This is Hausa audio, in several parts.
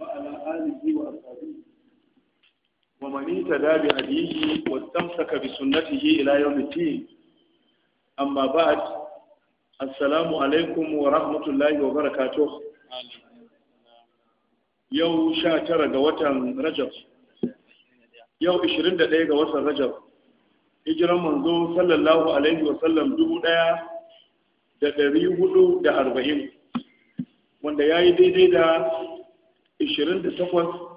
وعلى آله وأصحابه ومن اهتدى بهديه واستمسك بسنته إلى يوم الدين أما بعد السلام عليكم ورحمة الله وبركاته yau sha tara ga watan rajab yau ishirin da ɗaya ga watan rajab hijiran manzo sallallahu alaihi wasallam dubu ɗaya da ɗari hudu da arba'in wanda ya yi daidai da 28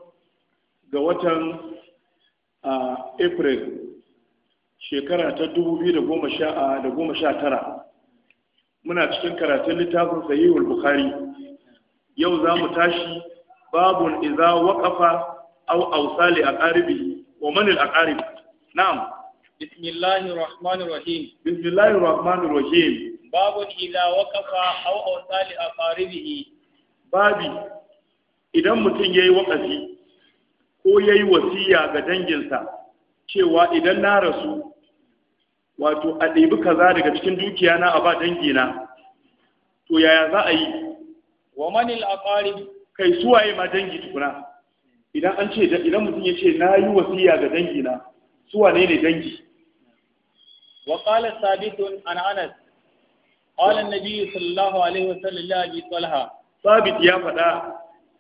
ga watan april shekara ta 2019 muna cikin karatun littafin sahihul bukhari yau za mu tashi babun iza waƙafa au ausali a ƙaribi wa manil a ƙaribi na'am بسم الله الرحمن الرحيم بسم الله الرحمن الرحيم باب إذا وقف أو أوصى لأقاربه babi idan mutum ya yi waƙafi ko ya yi wasiya ga danginsa cewa idan na rasu wato a ɗebi kaza daga cikin dukiya na a ba dangina to yaya za a yi wa manil aqarib kai suwaye ma dangi tukuna idan an ce idan mutum ya ce na yi wasiya ga dangina suwane ne dangi wa qala sabitun an anas qala an-nabi sallallahu alaihi sallam, li abi talha sabit ya faɗa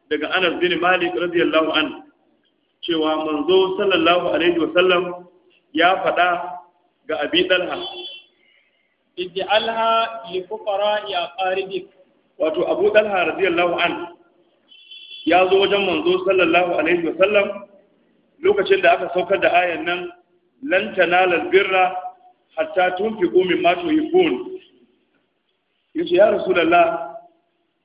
daga anas bin malik radiyallahu an cewa manzo sallallahu alaihi wa sallam ya faɗa ga abi dalha ij'alha li fuqara ya qaribik wato abu dalha radiyallahu an ya zo wajen manzo sallallahu alaihi wa sallam lokacin da aka saukar da ayan nan lan tanala birra hatta tunfiqu mimma tuhibbun yace ya rasulullah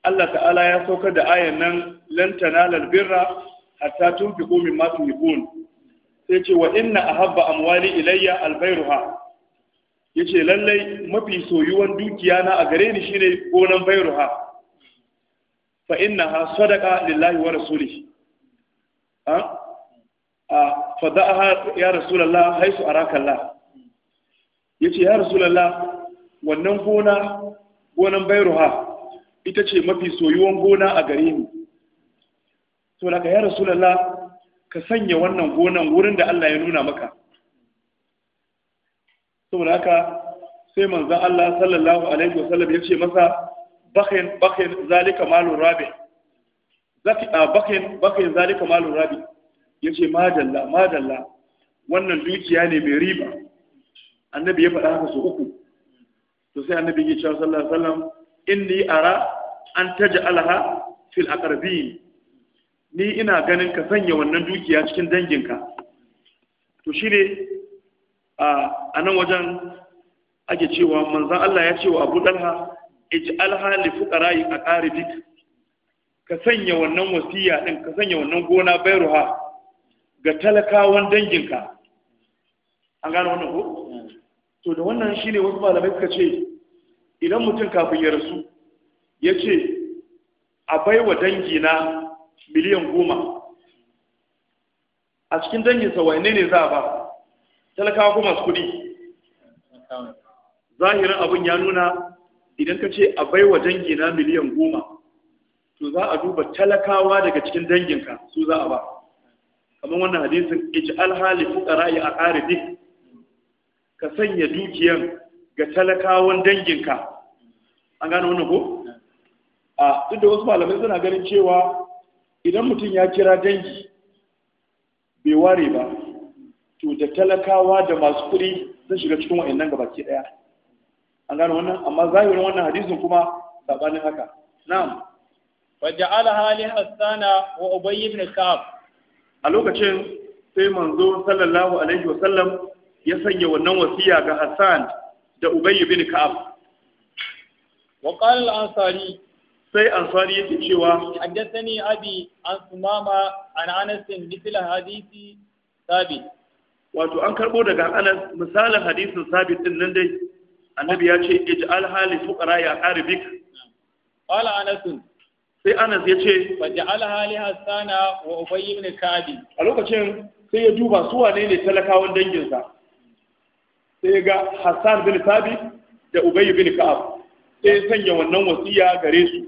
Allah ta'ala ya saukar da ayan nan lan tanalal birra hatta tunfiqu mimma tuhibun sai ce wa inna ahabba amwali ilayya albayruha yace lallai mafi soyuwan dukiya na a gare ni shine gonan bayruha fa innaha sadaqa lillahi wa rasulihi ha a fada'aha ya rasulullah haisu arakallah yace ya rasulullah wannan gona gonan bayruha ita ce mafi soyuwan gona a gare ni to laka ya rasulullah ka sanya wannan gonan wurin da Allah ya nuna maka saboda haka sai manzon Allah sallallahu alaihi wasallam ya ce masa bakhin bakhin zalika malur rabi zaki a bakhin bakhin zalika malur rabi yace madalla madalla wannan dukiya ne mai riba annabi ya faɗa haka su uku to sai annabi ya ce sallallahu alaihi wasallam inni ara an alaha fil akarbi ni ina ganin ka sanya wannan dukiya cikin danginka to shi ne a nan wajen ake cewa manzan Allah ya ce wa Abu Dalha ij'alha li fuqara'i aqaribik ka sanya wannan wasiya din ka sanya wannan gona bayruha ga talakawan danginka an gano wannan ko to da wannan shine wasu malamai suka ce idan mutum kafin ya rasu ya ce a baiwa dangina miliyan goma a cikin danginsa wane ne za a ba talakawa ko masu kudi zahirin abin ya nuna idan ka ce a baiwa dangina miliyan goma to za a duba talakawa daga cikin danginka su za a ba kamar wannan hadisin iji alhali fukara ya a ƙaribi ka sanya dukiyan ga talakawan danginka an gane wannan ko? a duk da wasu malamai suna ganin cewa idan mutum ya kira dangi bai ware ba to da talakawa da masu kuɗi sun shiga cikin wa'annan gabaki ɗaya an gano wannan amma zahirin wannan hadisin kuma sabanin haka na'am faja'alaha li hassana wa ubay ibn ka'ab a lokacin sai manzo sallallahu alaihi wa sallam ya sanya wannan wasiya ga Hassan da Ubay ibn Ka'ab. Wa qala al-Ansari sai ansari yake cewa haddathani abi an sumama an anas mithl hadisi sabit wato an karbo daga anas misalin hadisin sabit din nan dai annabi ya ce ij'al hali fuqara ya arabik qala anas sai anas ya ce faj'al hali hasana wa ubay ibn kabi a lokacin sai ya duba su wane ne talakawan danginsa sai ga hassan bin sabit da ubay ibn ka'ab sai ya sanya wannan wasiya gare su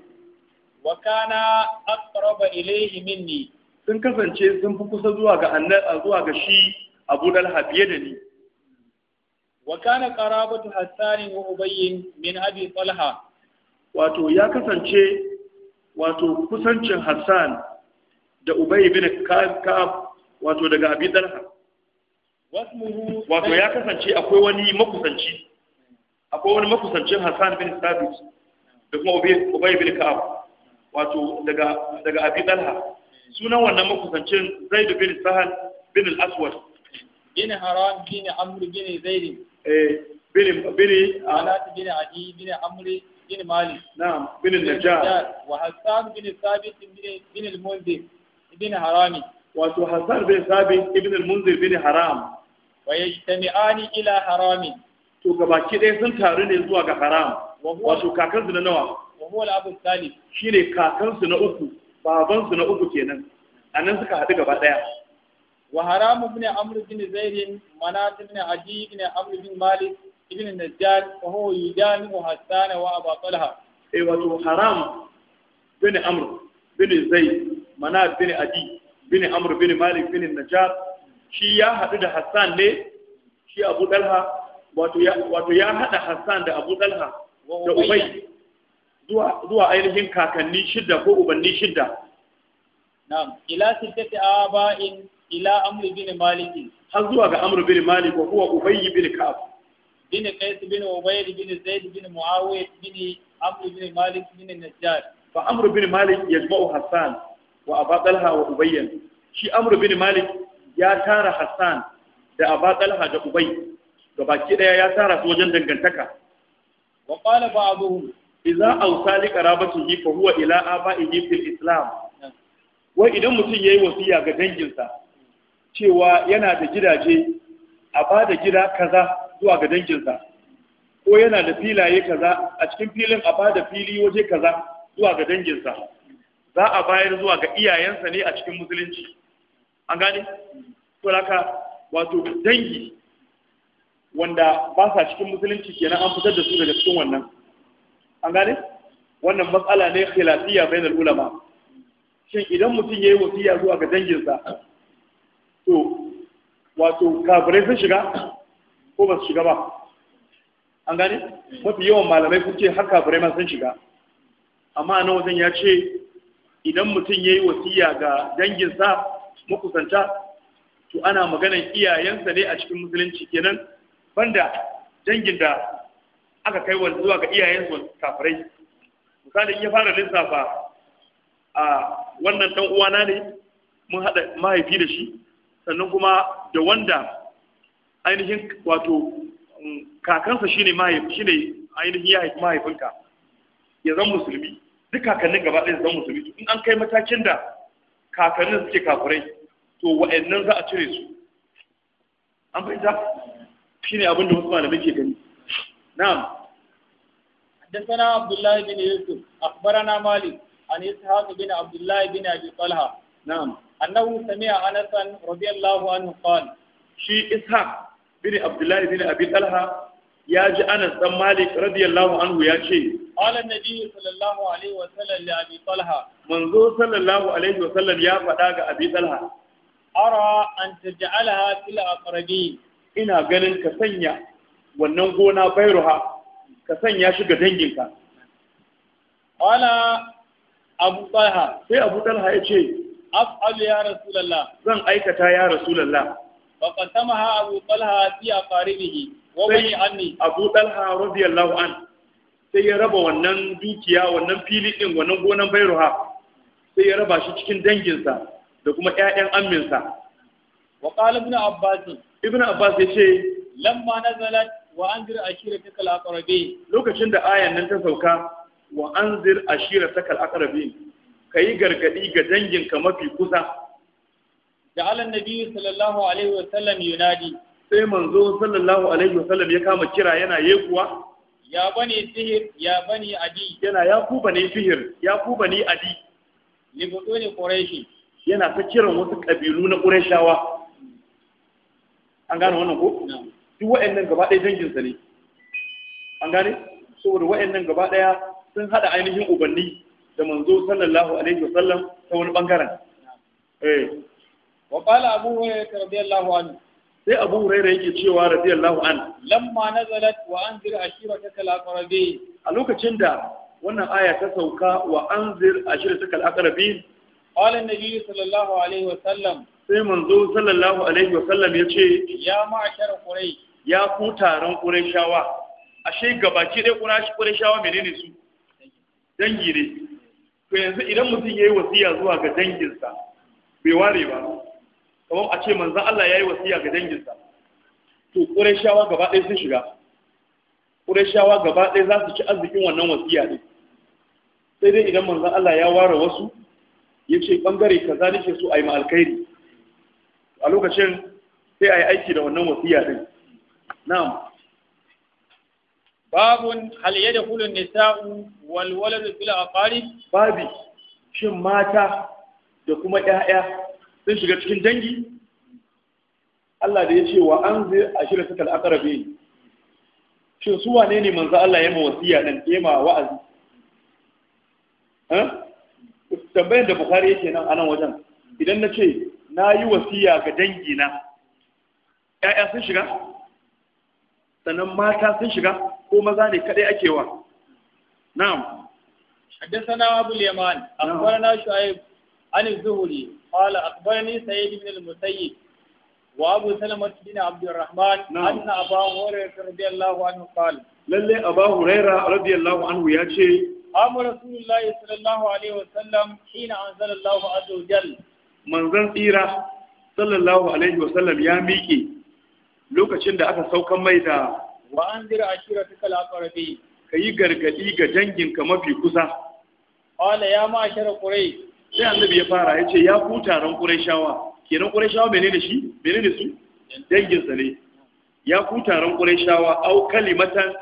wa kana aqraba ilayhi minni sun kasance sun fi kusa zuwa ga annabi zuwa ga shi Abu Dalha fiye da ni wa kana qarabatu Hassan wa Ubay min Abi Talha wato ya kasance wato kusancin Hassan da Ubay bin Ka'ab wato daga Abi Dalha wato ya kasance akwai wani makusanci akwai wani makusancin Hassan bin Sabit da kuma Ubay bin Ka'ab wato daga daga abi talha sunan wannan makusancin zaid bin Sahal bin al-aswad Gini haram gini amr gini zaid eh bin bin ah. alat gini adi gini amri gini mali na'am bin najjar wa hasan bin sabit bin bin al-munzir bin harami wato hasan bin sabit ibn al-munzir bin haram wa yajtami'ani ila harami to gabaki ɗaya sun taru ne zuwa ga haram wato kakansu na nawa wa huwa al-abu tsali shine kakansu na uku babansu na uku kenan nan suka haɗu gaba ɗaya wa haramu ibn amr ibn zaid manat ibn adi ibn amr ibn malik ibn najjar wa huwa yudan wa hasan wa abu talha eh wato haram ibn amr ibn zaid manat ibn adi ibn amr ibn malik ibn najjar shi ya haɗu da hassan ne shi abu talha wato ya haɗa hassan da abu talha da ubai zuwa ainihin kakanni shidda ko ubanni shidda na'am ila sittati aba'in ila amr bin malik har zuwa ga amr bin malik wa kuwa ubay bin ka'ab bin qais bin ubayr bin zaid bin muawiya bin amr bin malik bin najjar fa amr bin malik yajma'u hasan wa aba talha wa ubayy shi amr bin malik ya tara hasan da aba talha da ubay gabaki daya ya tara su wajen dangantaka wa qala abu. idza awsa li qarabatihi fa huwa ila yi fil islam wai idan mutum yayi wasiya ga danginsa cewa yana da gidaje a ba da gida kaza zuwa ga danginsa ko yana da filaye kaza a cikin filin a ba da fili waje kaza zuwa ga danginsa za a bayar zuwa ga iyayensa ne a cikin musulunci an gane to laka wato dangi wanda ba sa cikin musulunci kenan an fitar da su daga cikin wannan an gane wannan matsala ne khilafiya bainal ulama shin idan mutum yayi wasiya zuwa ga danginsa to wato kafirai sun shiga ko ba su shiga ba an gane mafi yawan malamai kuke har kafirai ma sun shiga amma nan wajen ya ce idan mutum yayi wasiya ga danginsa makusanta to ana maganan iyayensa ne a cikin musulunci kenan banda dangin da aka kai wani zuwa ga iyayen kafirai misali in ya fara lissafa a wannan dan uwana ne mun haɗa mahaifi da shi sannan kuma da wanda ainihin wato mm, kakansa shine mahaifi shine ainihin ya haifi mahaifinka ya zama musulmi duk kakannin gaba ɗaya zama musulmi in an kai matakin da kakannin suke kafirai to wa'annan za a cire su an fahimta shine abin da wasu malamai ke gani نعم حدثنا عبد الله بن يوسف أخبرنا مالك عن إسحاق بن عبد الله بن أبي طلحة نعم أنه سمع أنسا رضي الله عنه قال شي إسحاق بن عبد الله بن أبي طلحة ya ji Anas dan Malik radiyallahu anhu ya ce qala nabi sallallahu alaihi wa sallam li abi talha manzo sallallahu alaihi wa sallam ya faɗa ga abi talha ara an taj'alaha fil ina ganin ka sanya wannan gona bairuha ka sanya shi ga danginka wala abu talha sai abu talha ya ce af'al ya rasulullah zan aikata ya rasulullah wa ha abu talha fi aqaribihi wa bani anni abu talha radiyallahu an sai ya raba wannan dukiya wannan fili din wannan gonan bairuha sai ya raba shi cikin danginsa da kuma ƴaƴan amminsa wa qala ibn abbas ibn abbas ya ce lamma nazalat wa an takal a ƙarabe. lokacin da ayan nan ta sauka wa an a a ƙarabe. Ka yi gargadi ga danginka mafi kusa da alan nabi sallallahu alaihi wa sallam yunadi sai manzo sallallahu alaihi wa sallam ya kama kira yana yekuwa ya bani sihir ya bani adi yana ya ku bani sihir ya ku bani adi ne quraishi yana ta kiran wasu ƙabilu na qurayshawa an gane wannan ko na'am duk wa'annan gaba ɗaya danginsa ne an gane saboda wa'annan gaba ɗaya sun haɗa ainihin ubanni da manzo sallallahu alaihi wasallam ta wani ɓangaren. eh wa qala abu hurairah radiyallahu anhu sai abu hurairah yake cewa radiyallahu anhu lamma nazalat wa anzir ashirataka al-aqrabin a lokacin da wannan aya ta sauka wa an anzir ashirataka al-aqrabin qala da biyu sallallahu alaihi wasallam sai manzo sallallahu alaihi wasallam yace ya ma a ma'ashar quraish ya ku taron ƙurashawa ashe gabaki ɗaya mai menene su dangi ne to yanzu idan mutum ya yi wasiya zuwa ga danginsa bai ware ba kamar a ce manzan Allah ya yi wasiya ga danginsa to ƙurashawa gaba ɗaya sun shiga ƙurashawa gaba ɗaya za su ci arzikin wannan wasiya ne sai dai idan manzan Allah ya ware wasu ya ce ɓangare kaza nake so a yi ma alkhairi a lokacin sai a yi aiki da wannan wasiya ɗin na'am babun hal yadkhulu an-nisa'u wal waladu fil aqarib babi shin mata da kuma 'ya'ya sun shiga cikin dangi Allah da ya ce wa an zai a shirin suka al'akarabe shin su wane ne manzo Allah ya ma wasiya nan ya ma wa'azi tambayar da Bukhari yake nan a nan wajen idan na ce na yi wasiya ga dangi dangina 'ya'ya sun shiga sannan mata sun shiga ko maza ne kadai ake wa na'am حدثنا أبو اليمان أخبرنا شعيب عن الزهري قال أخبرني سيد بن المسيب وأبو سلمة بن عبد الرحمن أن أبا هريرة رضي الله عنه قال للي أبا هريرة رضي الله عنه يا شيخ رسول الله صلى الله عليه وسلم حين أنزل الله عز وجل manzon tsira sallallahu alaihi wasallam ya miƙe lokacin da aka saukan mai da wa an jira shirar ta kalafarabi ka yi gargadi ga danginka mafi kusa wala ya ma shirar ƙurai. sai annabi ya fara ya ce ya ku taron shawa. kenan ƙurayshawa menene shi menene su danginsa ne ya ku taron shawa au kalimatan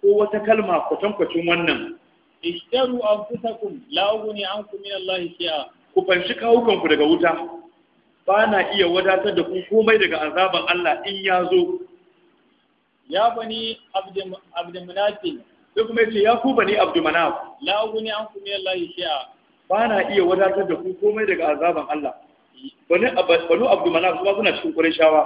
ko wata kalma kwatankwacin wannan ishtaru an fusa kun ughni ankum min Allah shay'a ku fanshi kawukanku daga wuta ba na iya wadatar da ku komai daga azaban Allah in ya zo ya bani abdulmanafin sai kuma ce ya ku bani abdulmanaf la guni an kuma Allah shi'a ba na iya wadatar da ku komai daga azaban Allah bani bani kuma suna cikin kurishawa.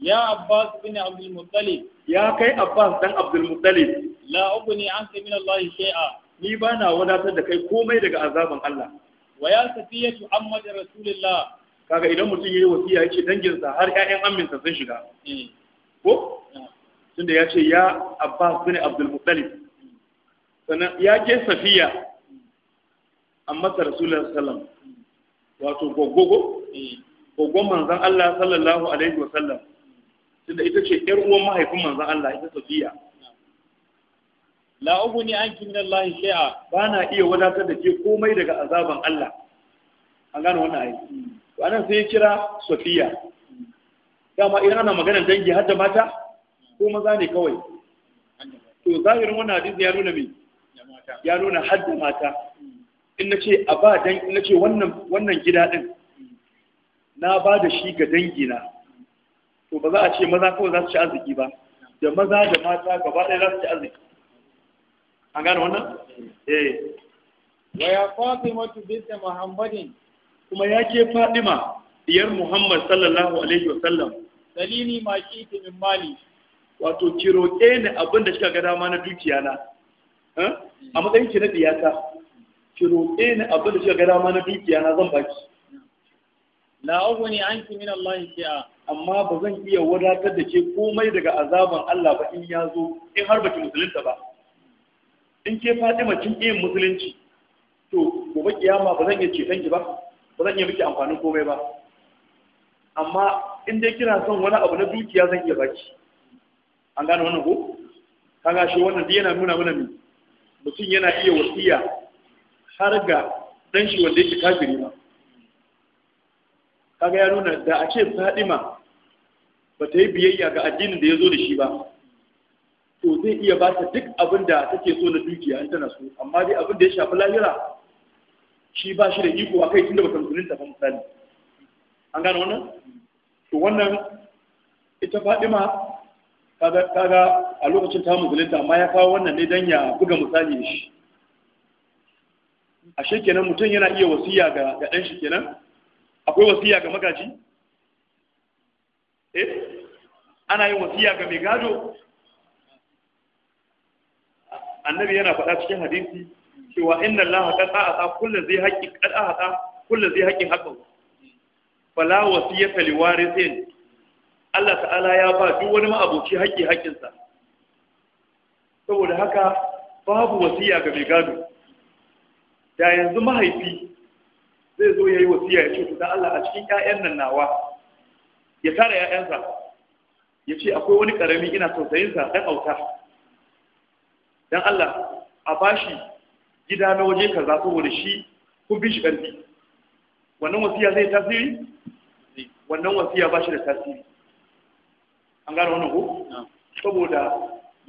ya abbas bin abdul muttalib ya kai abbas dan abdul muttalib la an anka min Allah shi'a ni ba na wadatar da kai komai daga azaban Allah wa ya safiyatu ammad rasulillah kaga idan mutum yayi wasiya yace dangin sa har ƴaƴan amminsa sun shiga hmm. ko tunda yace ya abbas bin abdul muttalib sannan ya ke safiya amma ta rasulullah sallam wato gogogo hmm. gogon manzon Allah sallallahu alaihi wa sallam tunda ita ce ƴar uwan mahaifin manzon Allah ita safiya la ubuni anki min Allah shay'a na iya wadatar da ke komai daga azaban Allah an gane wannan ayi to anan sai ya kira Safiya dama idan ana magana dangi har da mata ko maza ne kawai to zahirin wannan hadisi ya nuna me ya nuna har da mata in nace a ba dan in nace wannan wannan gida din na ba da shi ga dangi na. to ba za a ce maza kawai za su ci arziki ba da maza da mata gaba ɗaya za su ci arziki an gane wannan eh wa ya fatima bint muhammadin kuma ya ke fatima diyar muhammad sallallahu alaihi wa sallam dalili ma shi ta min mali wato ki roƙe ni abin da kika ga dama na dukiya na eh? a matsayin ki na diyata ki roƙe ni abin da kika ga dama na dukiya na zan baki la ughni anki min Allah shi'a. amma ba zan iya wadatar da ke komai daga azaban Allah ba in ya zo in har baki musulunta ba in ke Fatima kin iya musulunci to gobe kiyama ba zan iya ceton ki ba ba zan iya miki amfanin komai ba amma in dai kina son wani abu na dukiya zan iya baki an gane wannan ko kaga shi wannan dai yana nuna mana ne mutum yana iya wasiya har ga dan shi wanda yake kafiri ma kaga ya nuna da a ce Fatima ba ta yi biyayya ga addinin da ya zo da shi ba to zai iya ba ta duk abin da take so na dukiya in tana so amma dai abin da ya shafi lahira shi ba shi da iko a kai tunda ba ta ba misali an gane wannan to wannan ita Fadima kaga kaga a lokacin ta musulunta amma ya kawo wannan ne dan ya buga misali shi ashe kenan mutum yana iya wasiya ga ga dan shi kenan akwai wasiya ga magaji eh ana yin wasiya ga mai gado annabi yana faɗa cikin hadisi cewa inna allaha qad a'ata kullu zai haƙi kada a'ata kullu zai haƙi haƙa fala wasiyata liwarithin Allah ta'ala ya ba duk wani ma'aboci haƙin sa saboda haka babu wasiya ga mai gado da yanzu mahaifi zai zo ya yi wasiya ya ce dan Allah a cikin 'ya'yan nan nawa ya tara 'ya'yansa ya ce akwai wani ƙarami ina tausayinsa dan auta dan Allah a bashi gida na waje kaza wani shi kun bi shi ƙarfi wannan wasiya zai tasiri wannan wasiya ba shi da tasiri an gano wannan ko saboda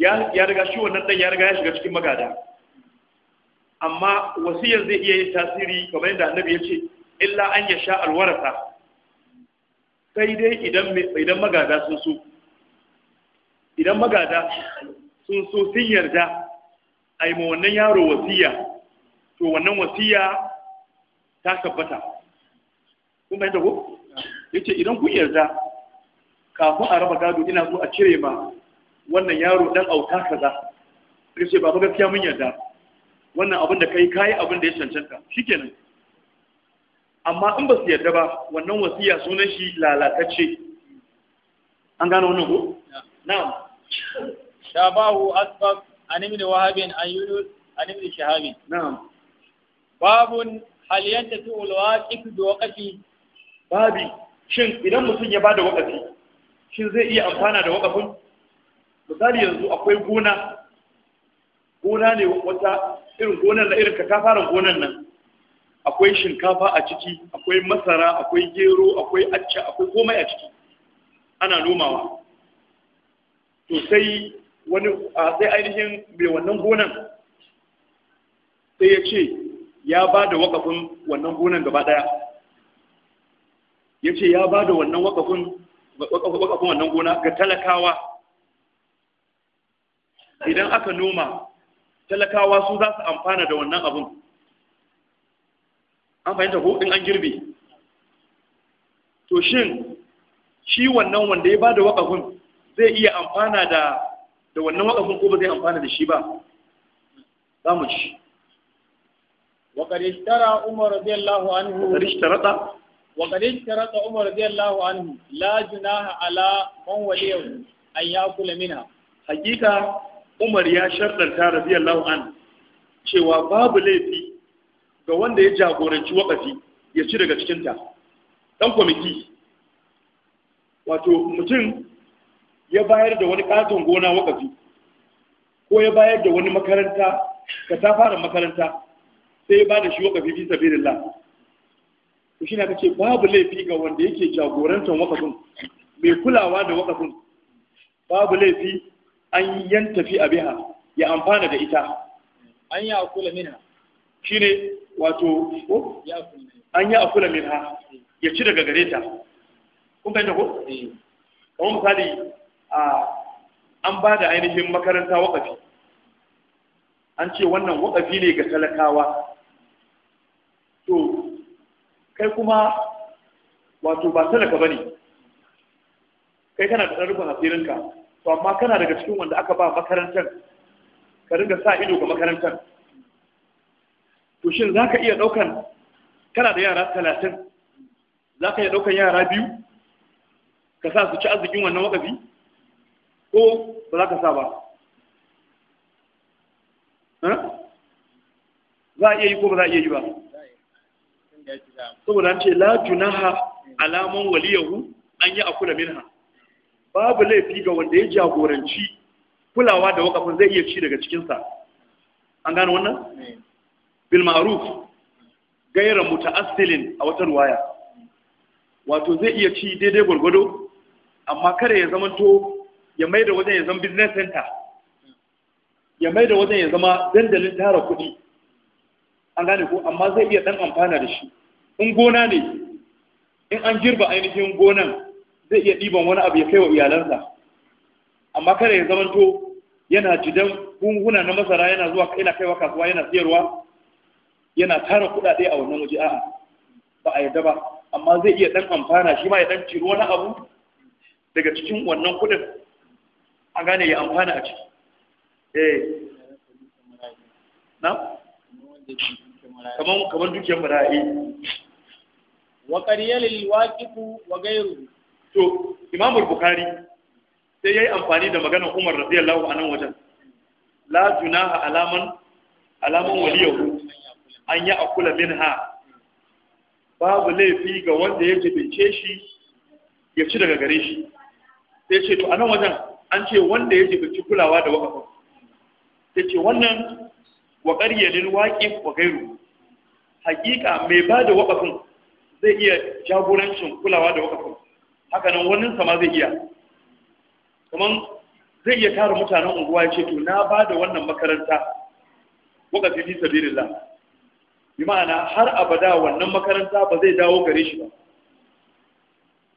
ya riga shi wannan dan ya riga ya shiga cikin magada amma wasiyar zai iya yin tasiri kamar yadda annabi ya ce illa an ya sha alwarasa sai dai idan magada sun so idan magada sun so sun yarda a yi ma wannan yaro wasiya to wannan wasiya ta tabbata kun bayan ko ya ce idan kun yarda kafin a raba gado ina so a cire ma wannan yaro dan auta kaza Ya ce ba ku gaskiya mun yarda wannan abin da kai kayi abin da ya cancanta shikenan amma in ba su yarda ba wannan wasiya sunan shi lalatacce an gano wannan ko na'am shabahu asbab an ibn wahab an yunus an ibn shihab na'am babun hal yantatu al waqif bi waqfi babi shin idan mutum ya bada waqafi shin zai iya amfana da waqafin misali yanzu akwai gona gona ne wata irin gonar na irin katafaren gonar nan akwai shinkafa a ciki akwai masara akwai gero akwai acca akwai komai a ciki ana nomawa to sai wani a sai ainihin mai wannan gonan sai ya ce ya ba da wakafin wannan gonan gaba daya ya ce ya ba da wannan wakafin wannan gona ga talakawa idan aka noma talakawa su za su amfana da wannan abun an fahimta ko in an girbe to shin shi wannan wanda ya ba da wakafin zai iya amfana da da wannan wakafin ko ba zai amfana da shi ba za mu ci وقد اشترى عمر رضي الله عنه وقد اشترط وقد اشترط عمر رضي الله عنه لا جناح على من وليه أن يأكل منها حقيقة عمر يا رضي الله عنه cewa babu laifi ga wanda ya jagoranci wakafi ya ci daga cikinta ɗan kwamiti wato mutum ya bayar da wani katon gona wakafi ko ya bayar da wani makaranta ka ta fara makaranta sai ya bada shi wakafi fi sabilillah to shi na ce babu laifi ga wanda yake jagorantar wakafin mai kulawa da wakafin babu laifi an tafi a biha ya amfana da ita an yi akula minha ne wato an yi akula minha ya ci daga gare ta kun fahimta ko eh. kamar misali an ba da ainihin makaranta wakafi an ce wannan wakafi ne ga talakawa to kai kuma wato ba talaka ba ne kai kana da ɗarfin asirinka to amma kana daga cikin wanda aka ba makarantar ka ringa sa ido ga makarantar to shin za ka iya ɗaukan kana da yara talatin za ka iya ɗaukan yara biyu ka sa su ci arzikin wannan wakafi ko ba za ka sa ba za a iya yi ko ba za a iya yi ba saboda an ce la junaha alaman waliyahu an yi akula minha babu laifi ga wanda ya jagoranci kulawa da wakafin zai iya ci daga cikinsa an gano wannan bil ma'ruf gaira muta'assilin a wata ruwaya wato zai iya ci daidai gwargwado amma kada ya zamanto ya mai da wajen ya zama business center ya mai da wajen ya zama dandalin tara kuɗi an gane ko amma zai iya ɗan amfana da shi in gona ne in an girba ainihin gonan zai iya ɗiban wani abu ya kai wa iyalansa amma kada ya to yana jidan hunhuna na masara yana zuwa yana kaiwa kasuwa yana siyarwa yana tara kuɗaɗe a wannan waje a'a ba a yarda ba amma zai iya ɗan amfana shi ma ya ɗan ciro wani abu daga cikin wannan kuɗin an gane ya amfana a ciki eh na kaman kaman dukiyar mara'i wa qariyal waqifu wa ghayru to imam bukhari sai yayi amfani da maganar umar radiyallahu anhu wajen la junaha alaman alaman waliyahu an ya akula minha babu laifi ga wanda ya bince shi ya ci daga gare shi sai ce to anan wajen an ce wanda ya jibici kulawa da wakafa ya ce wannan wa ƙaryalin waƙi wa gairu hakika mai ba da wakafin zai iya jagorancin kulawa da wakafin hakanan wannan sama zai iya kamar zai iya tara mutanen unguwa ya ce to na ba da wannan makaranta wakafi fi sabilillah bi ma'ana har abada wannan makaranta ba zai dawo gare shi ba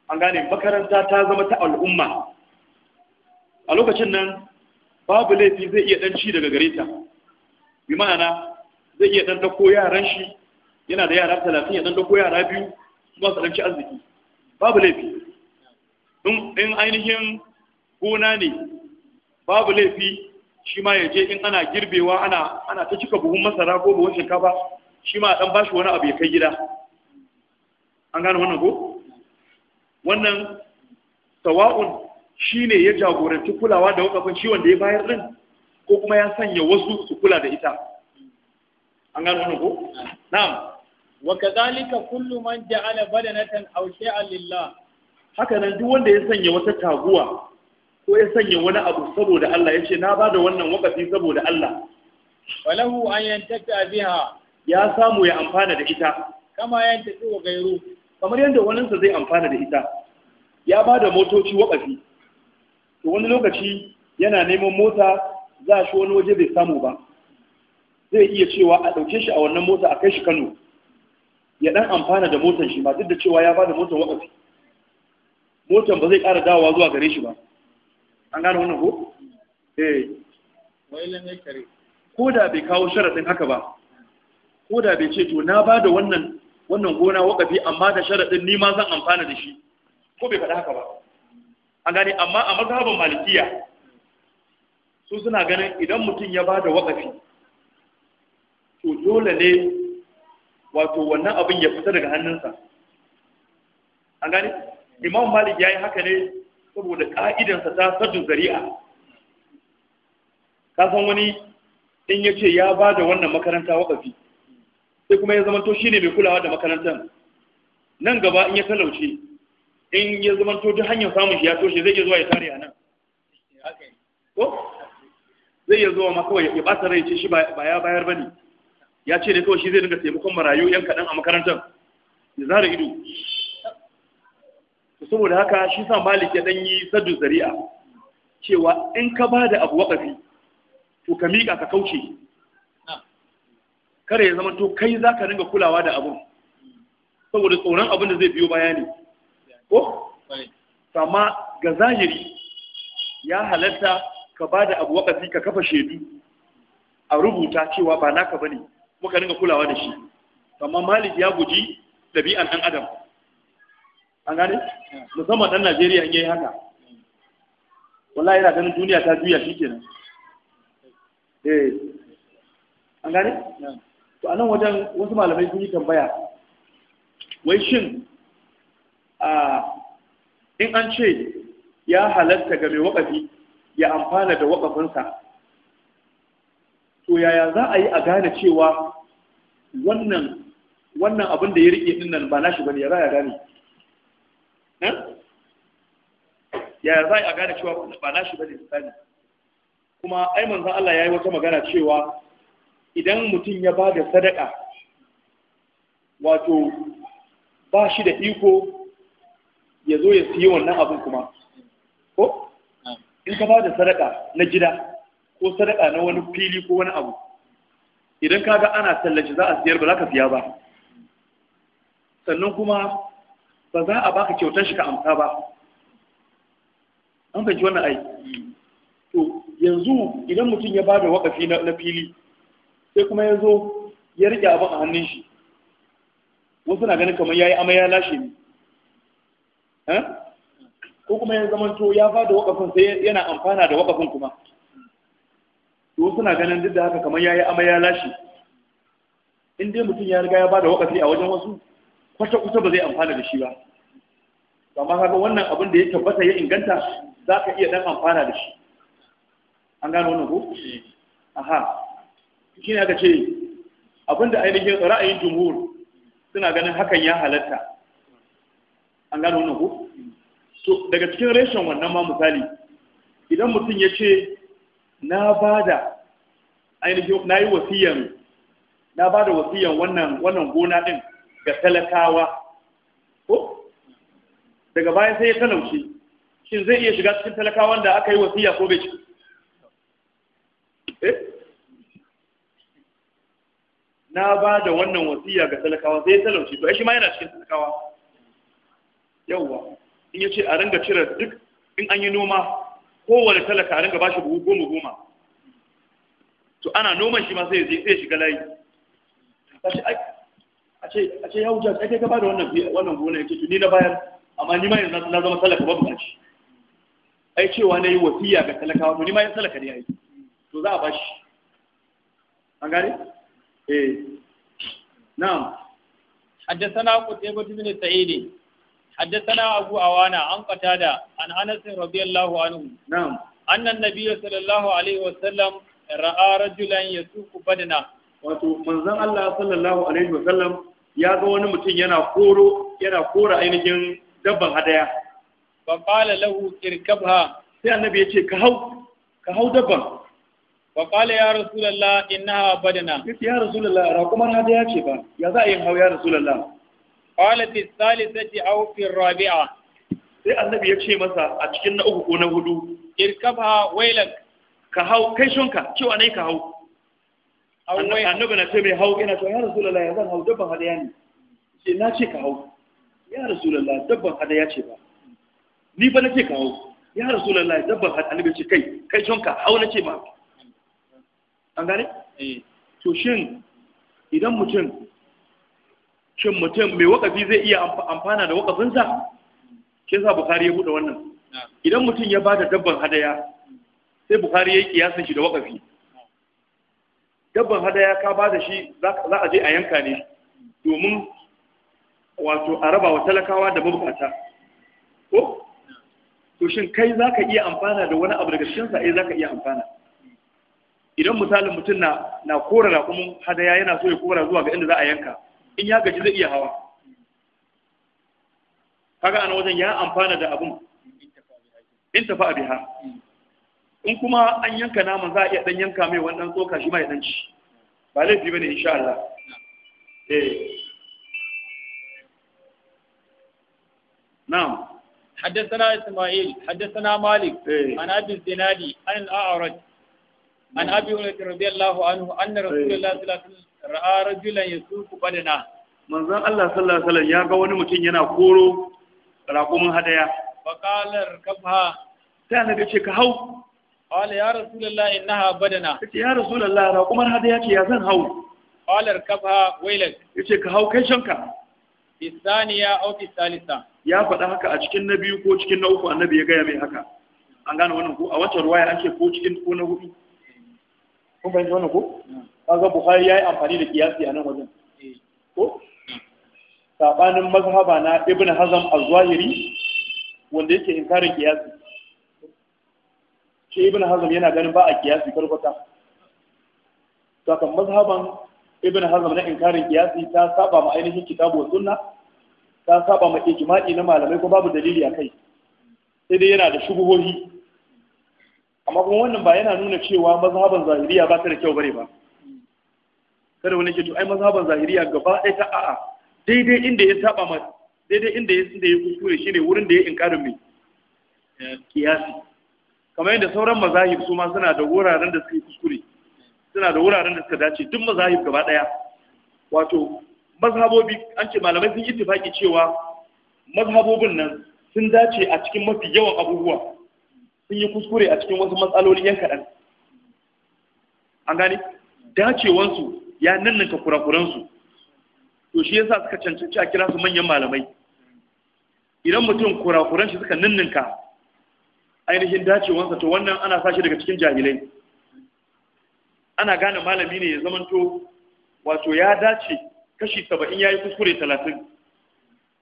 an gane makaranta ta zama ta al'umma a lokacin nan babu laifi zai iya ci daga gare ta bi ma'ana zai iya dan dako yaran shi yana da yara talatin ya dan dako yara biyu kuma su ci arziki babu laifi in ainihin gona ne babu laifi shi ma ya je in ana girbewa ana ana ta cika buhun masara ko buhun shinkafa shi ma dan bashi wani abu ya kai gida an gane wannan ko wannan tawa'un shi ne ya jagoranci kulawa da wakafin shi wanda ya bayar din ko kuma ya sanya wasu su kula da ita an gano wani ko na'am wa kadhalika kullu man ja'ala badanatan aw shay'an lillah haka nan duk wanda ya sanya wata taguwa ko ya sanya wani abu saboda Allah yace na bada wannan wakafi saboda Allah falahu an yantafi biha ya samu ya amfana da ita kama yantafi wa gairu kamar yadda waninsa zai amfana da ita ya bada motoci wakafi to wani lokaci yana neman mota za a shi wani waje bai samu ba zai iya cewa a ɗauke shi a wannan mota a kai shi kano ya ɗan amfana da motar shi ma duk da cewa ya ba da motar wakafi motar ba zai ƙara dawowa zuwa gare shi ba an gane wannan ko eh ko da bai kawo sharaɗin haka ba ko da bai ce to na ba da wannan wannan gona wakafi amma da sharaɗin ni ma zan amfana da shi ko bai faɗi haka ba an gane amma a mazhaban malikiya su suna ganin idan mutum ya bada wakafi to dole ne wato wannan abin ya fita daga hannunsa an gane imam malik ya yi haka ne saboda ƙa'idansa ta sajin zari'a ka san wani in ya ce ya ba da wannan makaranta wakafi sai kuma ya zamanto shi ne mai kulawa da makarantar nan gaba in ya talauce in ya zama to ta hanyar samun shi ya toshe zai iya zuwa ya tare a nan ko zai iya zuwa ma kawai ya ɓata rai ce shi ba ya bayar ba ne ya ce ne kawai shi zai dinga taimakon marayu yan kaɗan a makarantar ya zara ido saboda haka shi sa malik ya ɗan yi saddu zari'a cewa in ka ba da abu waƙafi to ka miƙa ka kauce kare ya zama to kai za ka dinga kulawa da abun saboda tsoron abin da zai biyo baya ne ko sama ga zahiri ya halatta ka ba da abu wakafi ka kafa shaidu a rubuta cewa ba naka ba ne muka dinga kulawa da shi amma malik ya guji ɗabi'an ɗan adam an gane musamman ɗan najeriya in yi haka wala yana ganin duniya ta juya shi kenan eh. an gane to a nan wajen wasu malamai sun yi tambaya wai shin in an ce ya halatta ga mai waƙafi ya amfana da waƙafinsa to yaya za a yi a gane cewa wannan wannan abin da ya riƙe ɗin nan ba nashi bane ya za a gane eh? yaya za a gane cewa ba nashi bane gane kuma ai manzon Allah ya yi wata magana cewa idan mutum ya ba da sadaka wato ba shi da iko ya zo ya siyo wannan abin kuma ko in ka ba sadaka na gida ko sadaka na wani fili ko wani abu idan ka ga ana tallace za a siyar ba za ka siya ba sannan kuma ba za a baka kyautar shi ka amsa ba an fahimci wannan aiki to yanzu idan mutum ya bada wakafi na fili sai kuma ya zo ya rike abin a hannun shi wasu na ganin kamar ya yi amai ya lashe ne Eh? ko kuma ya zamanto ya ba da wakafin sai yana amfana da wakafin kuma to suna ganin duk da haka kamar yayi amai ya lashe in dai mutum ya riga ya bada da wakafi a wajen wasu kwata kusa ba zai amfana da shi ba amma kaga wannan abin da ya tabbata ya inganta za ka iya dan amfana da shi an gano wannan ko aha shi ne aka ce abinda ainihin ra'ayin jumhur suna ganin hakan ya halatta an gano wannan so to daga cikin reshen wannan ma misali idan mutum ya ce na bada da na yi wasiyan na da wasiyan wannan wannan gona din ga talakawa ko daga baya sai ya talauce shin zai iya shiga cikin talakawa da aka yi wasiya ko bai Eh? na ba da wannan wasiya ga talakawa sai ya talauce to shi ma yana cikin talakawa yawwa in yace ce a ranga cire duk in an yi noma kowane talaka a ranga bashi buhu goma goma to ana noman shi ma sai sai shiga layi a ce a ce ya wuce ake gaba da wannan wannan gona yake to ni na bayar amma ni ma yanzu na zama talaka babu kashi ai cewa na yi wasiya ga talakawa to ni ma yin talaka ne yayi to za a bashi an gane eh na'am حدثنا قتيبة بن سعيد حدثنا أبو أوانا عن قتادة عن أنس رضي الله عنه نعم أن النبي صلى الله عليه وسلم رأى رجلا يسوق بدنا wato manzon Allah sallallahu alaihi wasallam ya ga wani mutum yana koro yana kora ainihin dabban hadaya fa qala lahu irkabha sai annabi yace ka hau ka hau dabban fa qala ya rasulullah innaha badana ya rasulullah ra kuma hadaya ce ba ya za a yin hau ya rasulullah qala fi salisati aw fi rabi'a sai annabi ya ce masa a cikin na uku ko na hudu irkaba wailak ka hau kai shunka cewa nai ka hau annabi na ce mai hau ina ce ya rasulullah ya zan hau dabban hadaya ne ce na ce ka hau ya rasulullah dabban hadaya ce ba ni ba na ce ka hau ya rasulullah dabban hadaya annabi ce kai kai shunka hau na ce ba an gane eh. to shin idan mutum shin mutum mai wakafi zai iya amfana da wakafinsa shi sa bukari ya buɗe wannan idan mutum ya ba da dabban hadaya sai bukari ya yi kiyasan shi da wakafi dabban hadaya ka ba da shi za a je a yanka ne domin wato a raba wa talakawa da mabukata ko to shin kai za ka iya amfana da wani abu daga cikinsa eh za ka iya amfana idan misalin mutum na kora raƙumin hadaya yana so ya kora zuwa ga inda za a yanka in ya gaji zai iya hawa kaga ana wajen ya amfana da abun in a biha in kuma an yanka naman za a iya dan yanka mai wannan tsoka shi ma ya dan ci ba laifi bane insha Allah eh na'am حدثنا Isma'il, حدثنا مالك عن أبي الزنادي عن الأعرج عن أبي هريرة رضي الله عنه أن رسول الله صلى الله عليه وسلم ra'a rajulan yasuku badana manzon Allah sallallahu alaihi wasallam ya ga wani mutum yana koro raƙumin hadaya qala kabha sai annabi ce ka hau qala ya rasulullah innaha badana ce ya rasulullah raƙumar hadaya ce ya zan hau qala kabha wailak yace ka hau kai shanka bisaniya aw bisalisa ya faɗa haka a cikin na biyu ko cikin na uku annabi ya gaya mai haka an gane wannan ko a wancan ruwaya an ce ko cikin ko na hudu kun fahimci wannan ko hmm. kaga bukhari yayi amfani da kiyasi a nan wajen ko sabanin mazhaba na ibn hazm al-zahiri wanda yake inkarin kiyasi shi ibn hazm yana ganin ba a kiyasi karkata saka mazhaban ibn hazm na inkarin kiyasi ta saba ma ainihin kitabu wa sunna ta saba ma ijma'i na malamai ko babu dalili a kai sai dai yana da shubuhohi amma kuma wannan ba yana nuna cewa mazhaban zahiriya ba ta da kyau bare ba kada wani ke to ai mazhaban zahiriya gaba ɗaya ta a'a daidai inda ya saba ma daidai inda ya inda ya kuskure shine wurin da ya inkarin mai eh, kiyasi kamar yadda sauran mazahib su ma suna da wuraren da suka yi kuskure suna da wuraren da suka dace duk mazahib gaba ɗaya wato mazhabobi an ce malamai sun ittifaki cewa mazhabobin nan sun dace a cikin mafi yawan abubuwa sun yi kuskure a cikin wasu matsaloli yan kaɗan an gane dacewansu ya ninninka kurakuransu to shi yasa suka cancanci a kira su manyan malamai idan mutum kurakuran shi suka ninninka ainihin dacewansa to wannan ana sashi daga cikin jahilai ana gane malami ne ya zamanto wato ya dace kashi saba'in ya yi kuskure talatin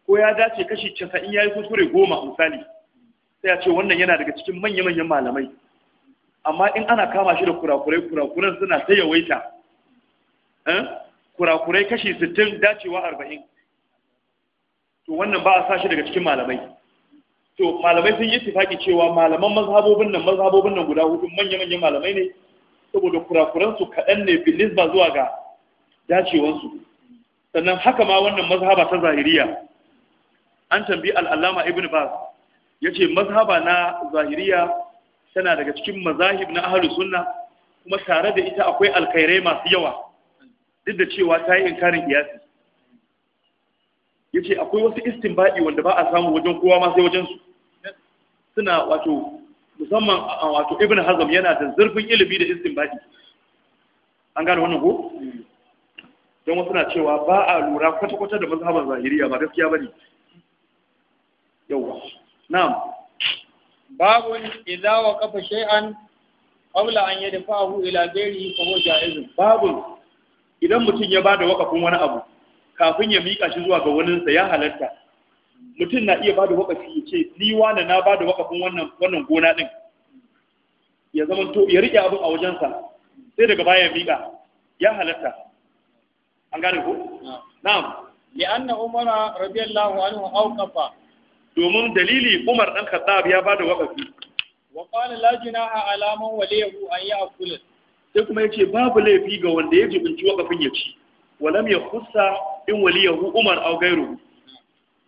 ko ya dace kashi casa'in ya yi kuskure goma misali sai a ce wannan yana daga cikin manya-manyan malamai amma in ana kama shi da kurakurai kurakuran suna ta yawaita Eh? kurakurai kashi 60 dacewa 40 to wannan ba a sashi daga cikin malamai to malamai sun yi tifaki cewa malaman mazhabobin nan mazhabobin nan guda hudu manya-manyan malamai ne saboda kurakuran su kaɗan ne bilis ba zuwa ga dacewansu sannan haka ma wannan mazhaba ta zahiriya an tambi al'allama ibn bas ya ce mazhaba na zahiriya tana daga cikin mazahib na ahalus sunna kuma tare da ita akwai alkhairai masu yawa duk da cewa ta yi inkarin kiyasi yace akwai wasu istinbadi wanda ba a samu wajen kowa ma sai wajen su suna wato musamman wato ibn hazm yana da zurfin ilimi da istinbadi an gane wannan ko don wasu na cewa ba a lura kwata-kwata da mazhaban zahiriya ba gaskiya bane yawa na'am babu idza kafa shay'an qabla an yadfa'ahu ila ghairihi fa huwa ja'izun babu idan mutum ya ba da wakafin wani abu kafin ya miƙa shi zuwa ga waninsa ya halarta mutum na iya ba da wakafi ya ce ni wani na da wakafin wannan wannan gona ɗin. ya zama to ya riƙe abin a wajensa sai daga baya ya ya halarta an gane ko na'am anna umara radiyallahu anhu awqafa domin dalili umar dan khattab ya ba da wakafi wa qala la jinaha ala man waliyahu an ya'kul sai kuma ya ce babu laifi ga wanda ya jibinci wakafin ya ci walam ya kusa in waliyahu umar au gairu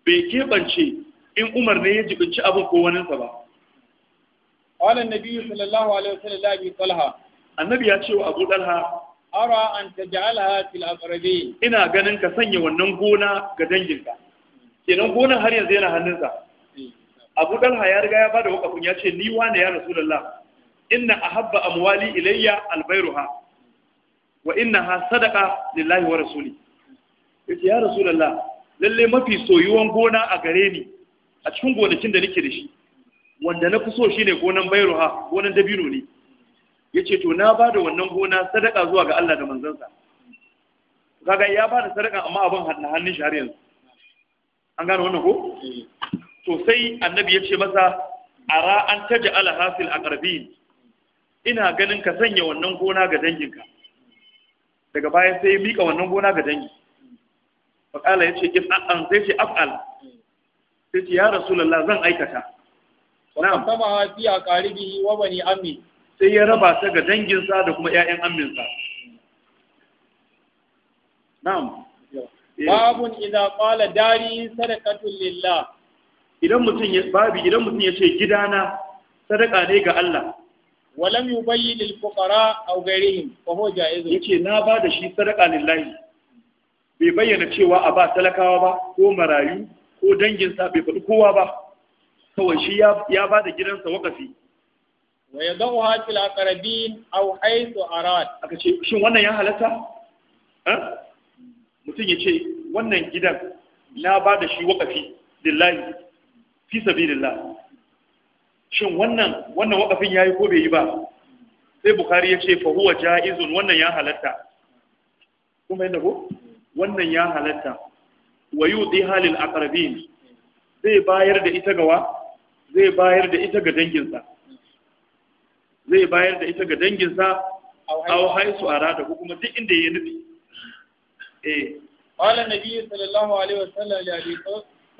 bai keɓance in umar ne ya jibinci abin ko ba qala an-nabi sallallahu alaihi wasallam bi talha annabi ya ce wa abu talha ara an taj'alaha fil aqrabin ina ganin ka sanya wannan gona ga danginka kenan gonan har yanzu yana hannunsa eh. abu talha ya riga ya bada wakafin ya ce ni wane ya rasulullah inna ahabba amwali ilayya albairuha wa innaha sadaqa lillahi wa rasuli yace ya rasulullah lalle mafi soyuwan gona a gare ni a cikin gonakin da nake da shi wanda na fi so shine gonan bairuha gonan dabino ne yace to na bada wannan gona sadaka zuwa ga Allah da manzansa kaga ya bada sadaka amma abin hannun shi har yanzu an gane wannan ko eh. to sai annabi ya ce masa ara an taje hasil aqrabin ina ganin ka sanya wannan gona ga danginka daga baya sai ya mika wannan gona ga dangi faƙala ya ce in an sai ce af'al sai ce ya rasulallah zan aikata na'am sama fi a qaribi wa bani ammi sai ya raba ta ga danginsa da kuma ƴaƴan sa na'am babun idza qala dari sadaqatul lillah idan mutum ya babi idan mutum ya ce gidana sadaka ne ga Allah ولم يبين للفقراء او غيرهم فهو جائز يجي نا yace na ba da shi sadaqa lillahi bai bayyana cewa a ba talakawa ba ko marayu ko danginsa bai faɗi kowa ba kawai shi ya ba da gidansa wakafi wa ya zau hafil akarabin au haitu arad aka ce shin wannan ya halatta mutum ya ce wannan gidan na ba da shi wakafi lillahi fi sabilillah shin wannan wannan wakafin yayi ko bai yi ba sai bukhari ya ce fa huwa jaizun wannan ya halatta kuma yanda ko wannan ya halatta wa yudi halil aqrabin zai bayar da ita gawa zai bayar da ita ga danginsa zai bayar da ita ga danginsa aw haisu arada ko kuma duk inda yayi nufi eh qala nabi sallallahu alaihi wasallam ya bi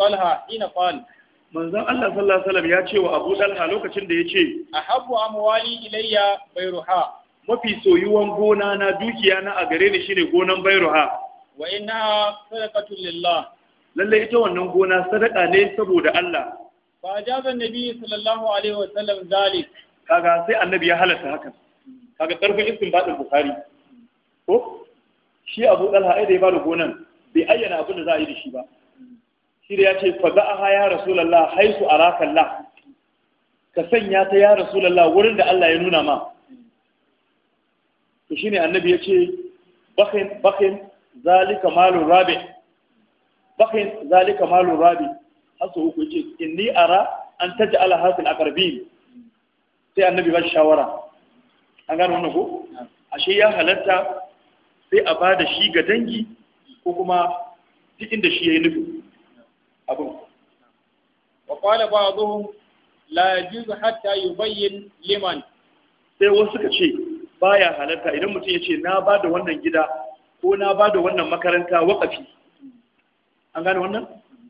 talha ina qala manzon Allah sallallahu alaihi wasallam ya ce wa Abu Dalha lokacin da ya ce ahabbu amwali ilayya bayruha mafi soyuwan gona na dukiya na a gare ni shine gonan bayruha wa inna sadaqatu lillah lalle ita wannan gona sadaka ne saboda Allah fa ajaza annabi sallallahu alaihi wasallam zalik kaga sai annabi ya halatta hakan kaga karfin istinbadin bukhari ko shi Abu Dalha ai da ya bada gonan bai ayyana abin da za a yi da shi ba shirya ya ce fada'aha ya rasulallah haisu a rakalla ka sanya ta ya rasulallah wurin da Allah ya nuna ma to shine annabi ya ce bakin bakin zalika malun rabi bakin zalika malun rabi hasu uku ce inni ara an taj'ala hasil karbi? sai annabi ba shawara an gano wannan ko ashe ya halatta sai a bada shi ga dangi ko kuma duk inda shi yayi nufi abin wa qala zuhun la hatta hatta bayin liman sai wasu suka ce baya halarta idan mutum ya ce na ba da wannan gida ko na ba da wannan makaranta waƙafi an gane wannan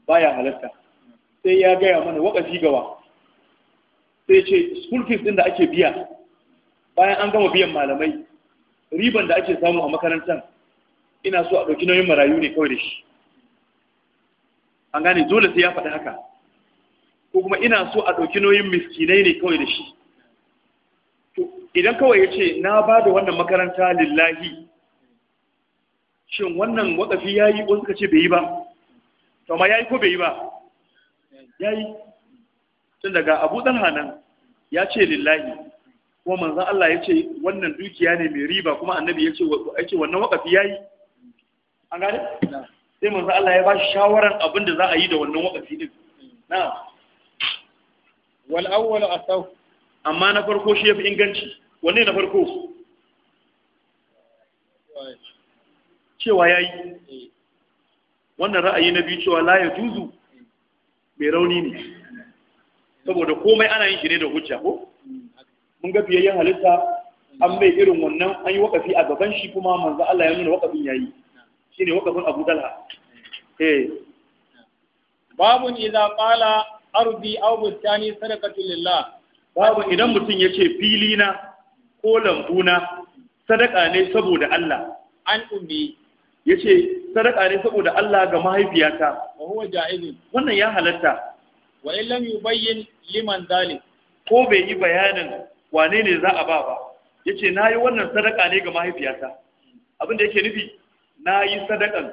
baya halarta sai ya gaya mana waƙafi gawa sai ce school fees din da ake biya bayan an gama biyan malamai riban da ake samu a makarantar ina so a ɗauki nauyin marayu ne kawai da shi an gane dole sai ya faɗi haka ko kuma ina so a ɗauki nauyin miskinai ne kawai da shi idan kawai ya ce na ba da wannan makaranta lillahi shin wannan wakafi ya yi wasu suka ce bai yi ba to ma ya yi ko bai yi ba ya yi tun daga abu ɗan hannun ya ce lillahi kuma manzan Allah ya ce wannan dukiya ne mai riba kuma annabi ya ce wannan wakafi ya yi an gane? sai manzo Allah ya bashi shawaran abin da za a yi da wannan wakafi din na wal awwal asaw amma na farko shi yafi inganci wanne na farko cewa yayi eh. wannan ra'ayi na biyu cewa la juzu mai rauni ne saboda komai ana yin shi ne da hujja ko mun ga biyayyen halitta an mai irin wannan an yi wakafi a gaban shi kuma manzo Allah ya nuna wakafin yayi shine wakafin Abu Talha eh, eh. babun idza qala lillah babu idan mutum ya ce filina ko lambu na sadaka ne saboda Allah an ya ce sadaka ne saboda Allah ga mahaifiyata wa wannan ya halatta wa in lam yubayyin liman ko bai yi bayanin wane ne za a ba ba yace yi wannan sadaka ne ga mahaifiyata Abinda yake nufi na yi sadakan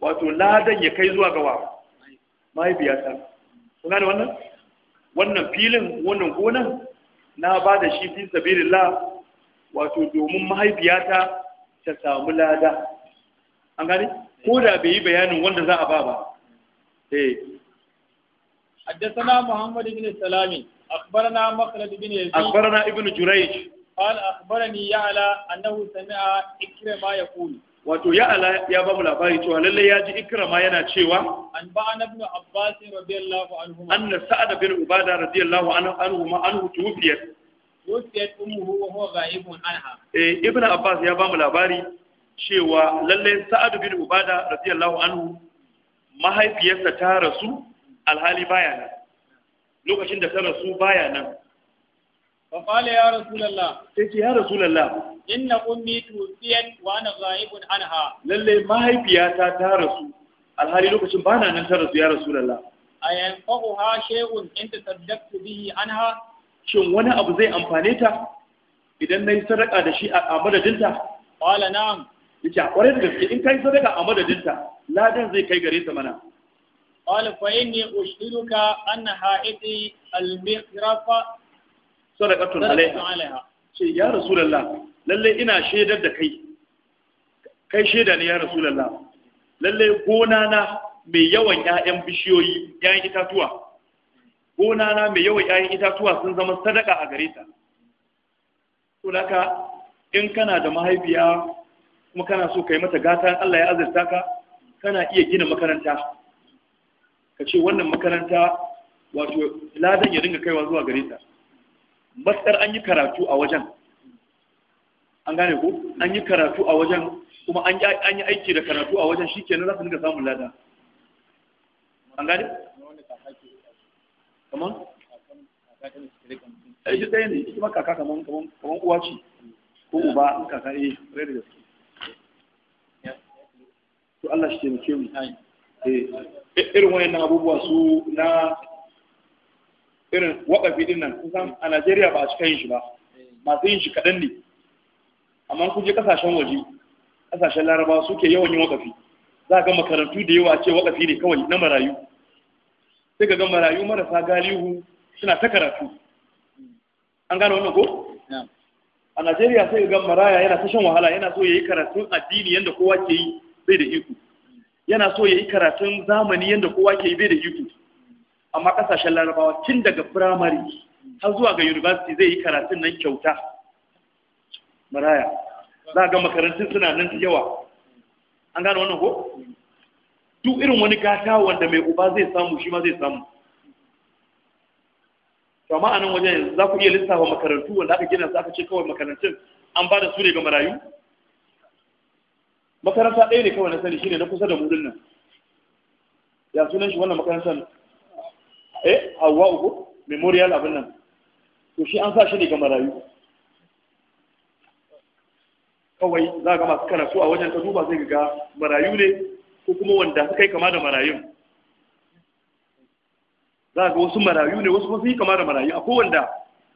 wato ladan ya kai zuwa gawa mahaifiyata Kuma da wannan wannan filin wannan gonan na ba da shi fi sabilillah wato domin mahaifiyata ta samu lada an gani ko da bai yi bayanin wanda za a ba ba eh حدثنا محمد بن سلام أخبرنا مخلد بن يزيد أخبرنا ابن جريج قال أخبرني يعلى أنه سمع إكرم يقول wato ya ala ya ba mu labari cewa lalle ya ji ikrama yana cewa an ba an ibn abbas radiyallahu anhu anna sa'ad bin ubada radiyallahu anhu anhu ma anhu tuwfiyat tuwfiyat ummuhu wa huwa ghaibun anha eh ibn abbas ya ba mu labari cewa lalle sa'ad bin ubada radiyallahu anhu mahaifiyarsa ta rasu alhali baya nan lokacin da ta rasu baya nan fa qala ya rasulullah sai ce ya rasulullah inna ummi tusiyan wa ana ghaibun anha lalle mahaifiyata ta rasu alhali lokacin bana nan ta rasu ya rasulullah a yanfa'uha shay'un in tasaddaqtu bihi anha shin wani abu zai amfane ta idan nayi sadaka da shi a madadinta qala na'am yace a kwarai gaske in kai sadaka a madadinta ladan zai kai gareta mana qala fa inni ushiruka anna ha'idi al sadaqatun alaiha ce ya rasulullah lalle ina shaidar da kai kai shaida ne ya rasulullah lalle gona na mai yawan ƴaƴan bishiyoyi ƴaƴan itatuwa gona na mai yawan ƴaƴan itatuwa sun zama sadaka a gare ta to laka in kana da mahaifiya kuma kana so kai mata gata Allah ya azurta ka kana iya gina makaranta ka ce wannan makaranta wato ladan ya dinga kaiwa zuwa gare ta matsar an yi karatu a wajen an gane ku? an yi karatu a wajen kuma an yi aiki da karatu a wajen shi kenan za su dinga samun lada an gane? Kuma a eh, yi ɗaya ne ita kaka kamar uwa ce ko uba in kaka yi eh, rai da su to Allah shi taimake mu eh, irin wayan abubuwa su na irin wakafi din nan kusan a Najeriya ba a cika yin shi ba masu yin shi kaɗan ne amma kun je kasashen waje kasashen laraba suke yawan yin wakafi za ga makarantu da yawa ce wakafi ne kawai na marayu sai ga marayu marasa galihu suna ta karatu an gane wannan ko a Najeriya sai ga maraya yana ta shan wahala yana so yayi karatun addini yanda kowa ke yi bai da iko yana so yayi karatun zamani yanda kowa ke yi bai da iko amma kasashen larabawa tun daga firamare har zuwa ga university zai yi karatun nan kyauta maraya za ga makarantun suna nan yawa an gane wannan ko duk irin wani gata wanda mai uba zai samu shi ma zai samu to amma anan wajen za ku iya lissafa makarantu wanda aka gina su aka ce kawai makarantun an ba da su ne ga marayu makaranta ɗaya ne kawai na sani shine na kusa da murin nan ya sunan shi wannan makarantar eh Awa, uku memorial abin nan to shi an sa shi ne ga marayu kawai za ga masu karatu a wajen ka duba zai ga marayu ne ko kuma wanda suka yi kama da marayun za ga wasu marayu ne wasu sun yi kama da marayu akwai wanda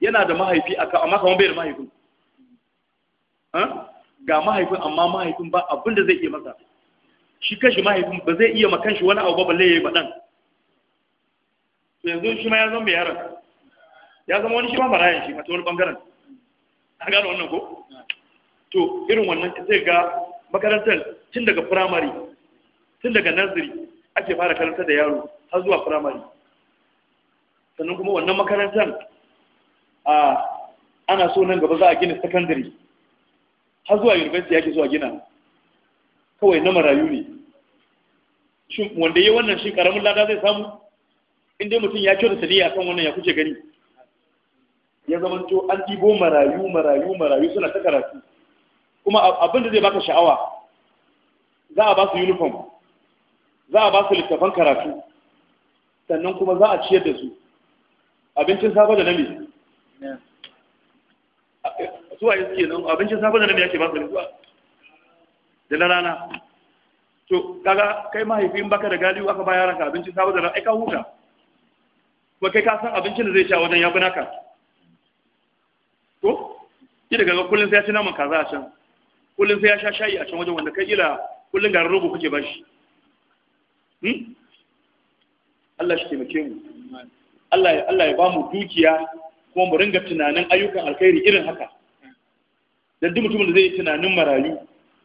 yana da mahaifi a amma kamar bai da mahaifin ga mahaifin amma mahaifin ba abin da zai iya masa shi kashi mahaifin ba zai iya makanshi shi wani abu ba balle ya yi ba ɗan yanzu shi ma ya zama mai yaran. ya zama wani shi ma marayan shi mata wani bangaren a gano wannan ko to irin wannan zai ga makarantar tun daga firamare tun daga nazari ake fara karanta da yaro har zuwa firamare sannan kuma wannan makarantar a ana so nan gaba za a gina sakandare har zuwa university ake so a gina kawai na marayu ne wanda yi wannan shi karamin lada zai samu in dai mutum ya kyautata niyya kan wannan ya kuce gani ya to an ɗibo marayu marayu marayu suna ta karatu kuma abin da zai baka sha'awa za a ba su uniform za a ba su littafan karatu sannan kuma za a ciyar da su abincin safe da nami su a suke nan abincin safe da nami ake ba su da da na rana to kaga kai mahaifin baka da galiu aka ba yaranka abincin safe da nami ai ka huta ko kai ka san abincin da zai ci a wajen ya fi naka ko ki daga ga kullum sai ya ci naman kaza a can kullum sai ya sha shayi a can wajen wanda kai ila kullum garin rogo kuke bashi hmm? Allah shi taimake mu Allah ya Allah ya ba mu dukiya kuma mu ringa tunanin ayyukan alkhairi irin haka dan duk mutumin da zai yi tunanin marayu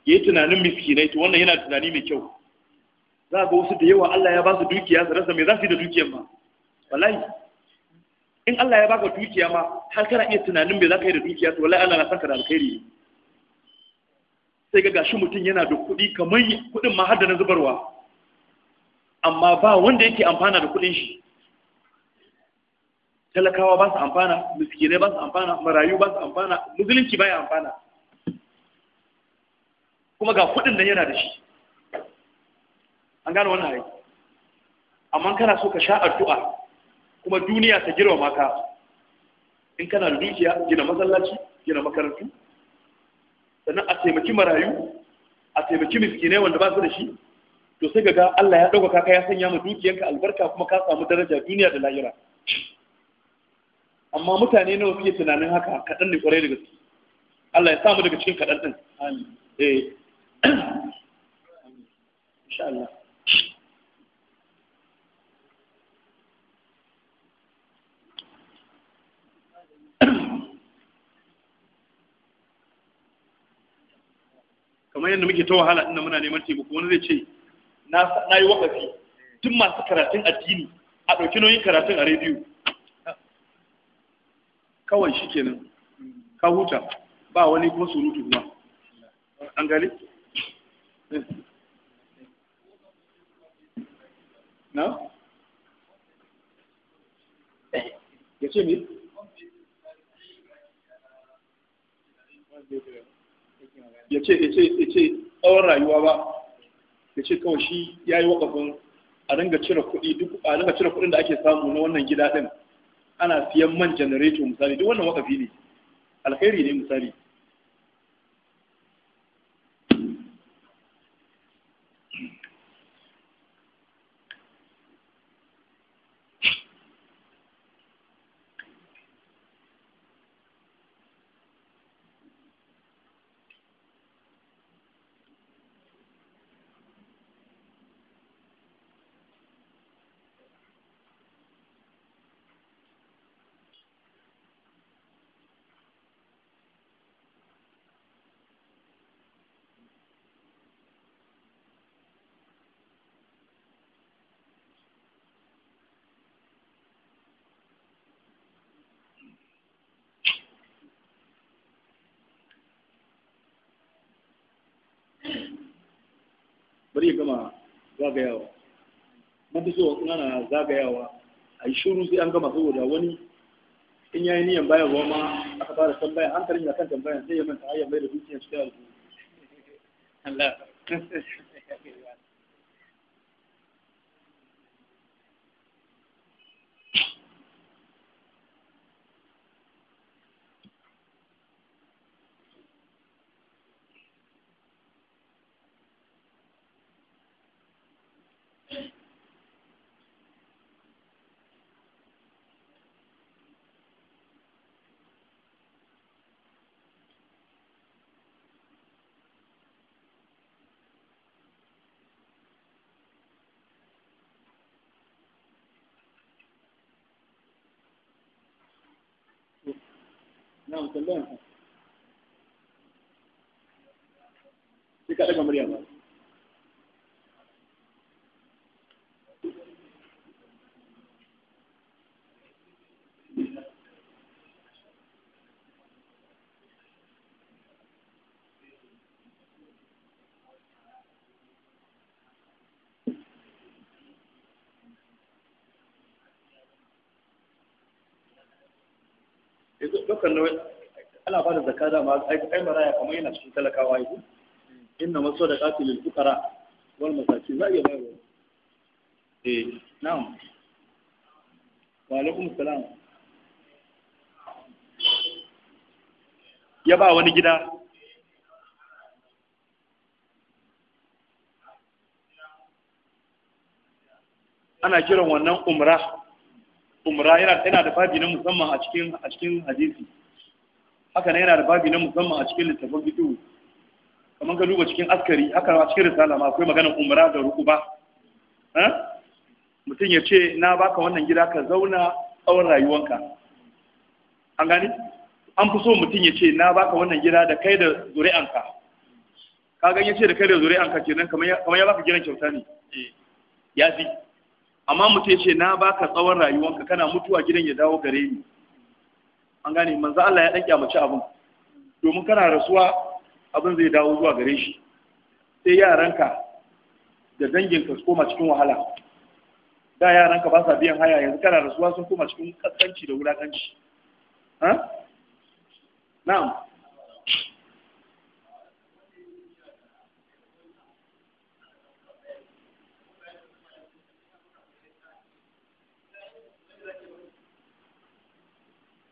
ya yi tunanin miskinai to wannan yana tunani mai kyau za ga wasu da yawa Allah ya ba su dukiya su rasa me za su yi da dukiyar ma wallahi in Allah ya baka dukiya ma har kana iya tunanin me za ka yi da dukiya to wallahi Allah na san ka da alkhairi sai ga gashi mutum yana da kuɗi kamar kuɗin ma har da na zubarwa amma ba wanda yake amfana da kuɗin shi talakawa ba su amfana miskinai ba su amfana marayu ba su amfana musulunci ba ya amfana kuma ga kuɗin nan yana da shi an gane wannan hari amma kana so ka sha addu'a kuma duniya ta girma maka, in kana da dukiya gina masallaci gina makarantu sannan a taimaki marayu a taimaki miskinai wanda ba su da shi to sai ga Allah ya dauka ka ya sanya ma dukiyanka albarka kuma ka samu daraja duniya da lahira amma mutane nawa suke tunanin haka kaɗan ne kwarai da gaske Allah ya samu daga cikin kaɗan ɗin eh insha Allah kamar yadda muke ta wahala ina muna neman taimako wani zai ce na yi wakafi tun masu karatun addini a ɗauki nauyin karatun a rediyo kawai shi kenan ka huta ba wani kuma surutu kuma an gani na? ya ce ne? ya ce ya ce ya ce tsawon rayuwa ba ya ce kawai shi ya yi wakafin a dinga cire kuɗi duk a ringa cire kuɗin da ake samu na wannan gida din ana siyan man janareto misali duk wannan wakafi ne alkhairi ne misali bari ya gama zagayawa mun fi so ana zagayawa a yi shuru sai an gama saboda wani in yayi niyan bayan bayarwa ma aka fara tambaya hankalin ya kan tambayan sai ya manta ayyar mai da dukiyar cikin aljihu Allah na'am sallan ka sai ka murya ba yanzu dukkan nauyin ana bada da zakka da ma ai maraya kamar yana cikin talakawa yanzu inna maso da kafi lil fuqara wal masakin za a iya bayarwa eh na'am wa alaikum salam ya ba wani gida ana kiran wannan umra umra yana tana da babi na musamman a cikin a cikin hadisi haka ne yana da babi na musamman a cikin littafin fito. kamar ka duba cikin askari haka a cikin risala ma akwai maganar umra da rukuba ha mutum ya ce na baka wannan gida ka zauna tsawon rayuwanka an gani an fi so mutum ya ce na baka wannan gida da kai da zuri'anka ka ganye ce da kai da zuri'anka kenan kamar ya baka gidan kyauta ne eh. ya fi amma mutum ya ce na baka tsawon rayuwanka kana mutuwa gidan ya dawo gare ni an gane manzo Allah ya a mace abin domin kana rasuwa abin zai dawo zuwa gare shi sai yaranka da danginka su koma cikin wahala da yaranka ba sa biyan haya yanzu kana rasuwa sun koma cikin kaskanci da wulakanci na'am